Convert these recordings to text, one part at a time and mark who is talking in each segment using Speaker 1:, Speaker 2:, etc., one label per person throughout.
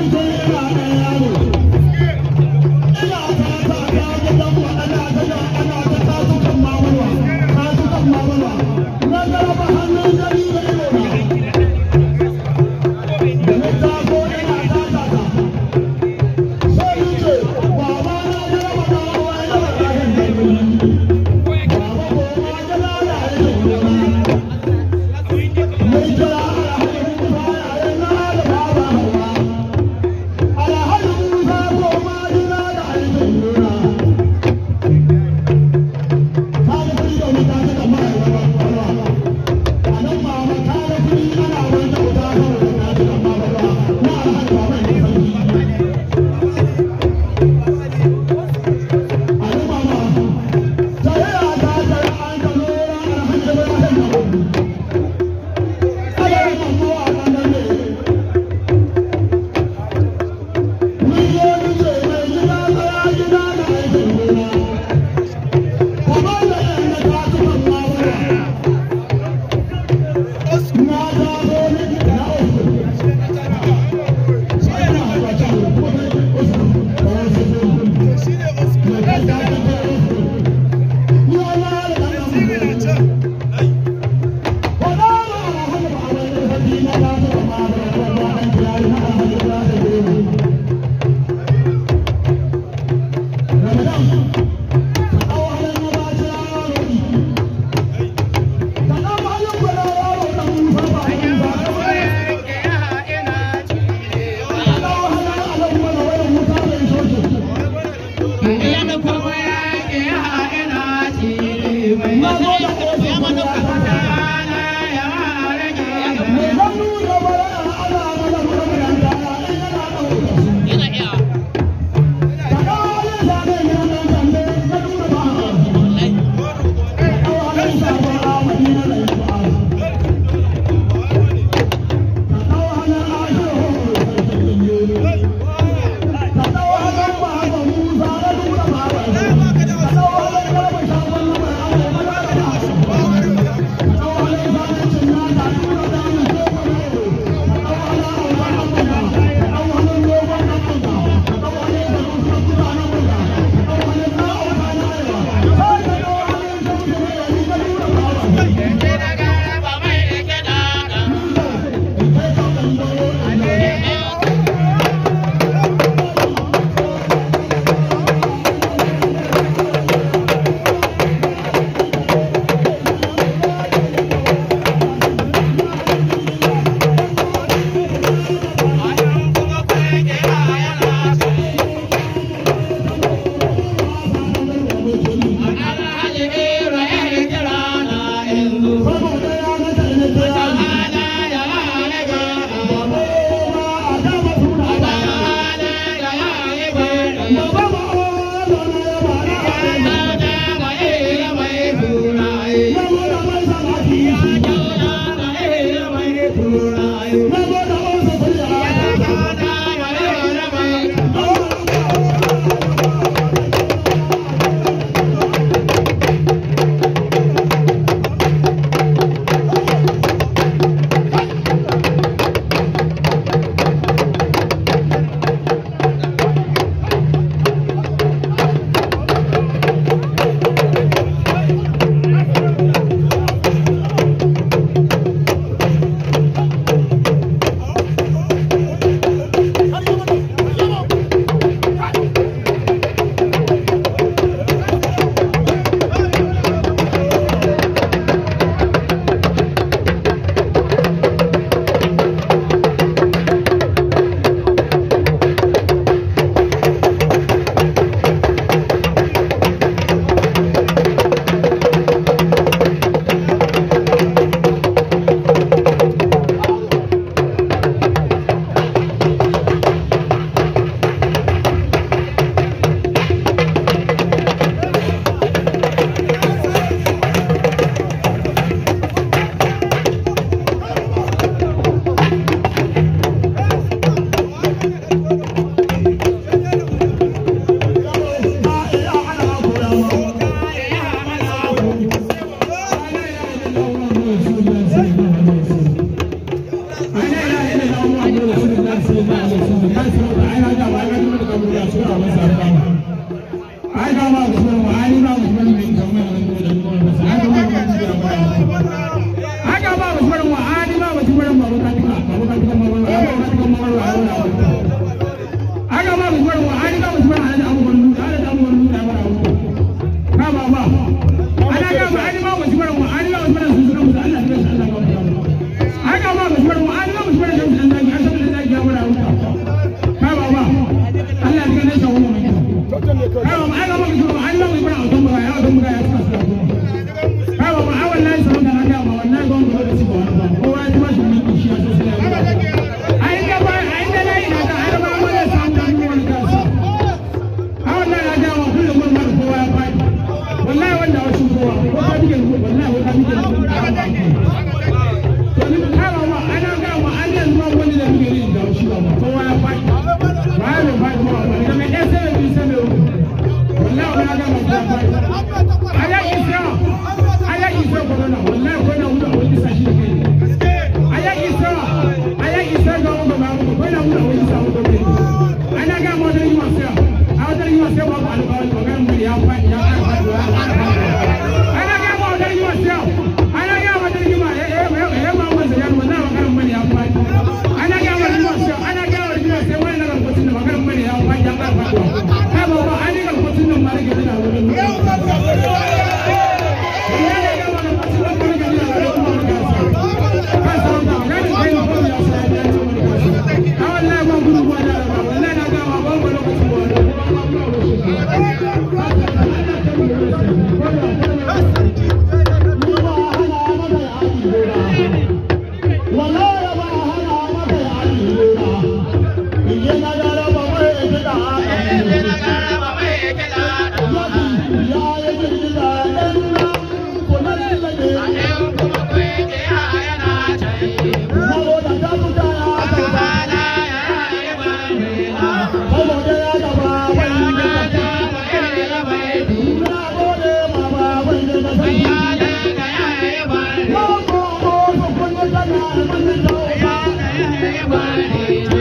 Speaker 1: Everybody ana ga ba an ma mu jibar mu ma mu jibar Hare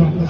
Speaker 1: Thank you.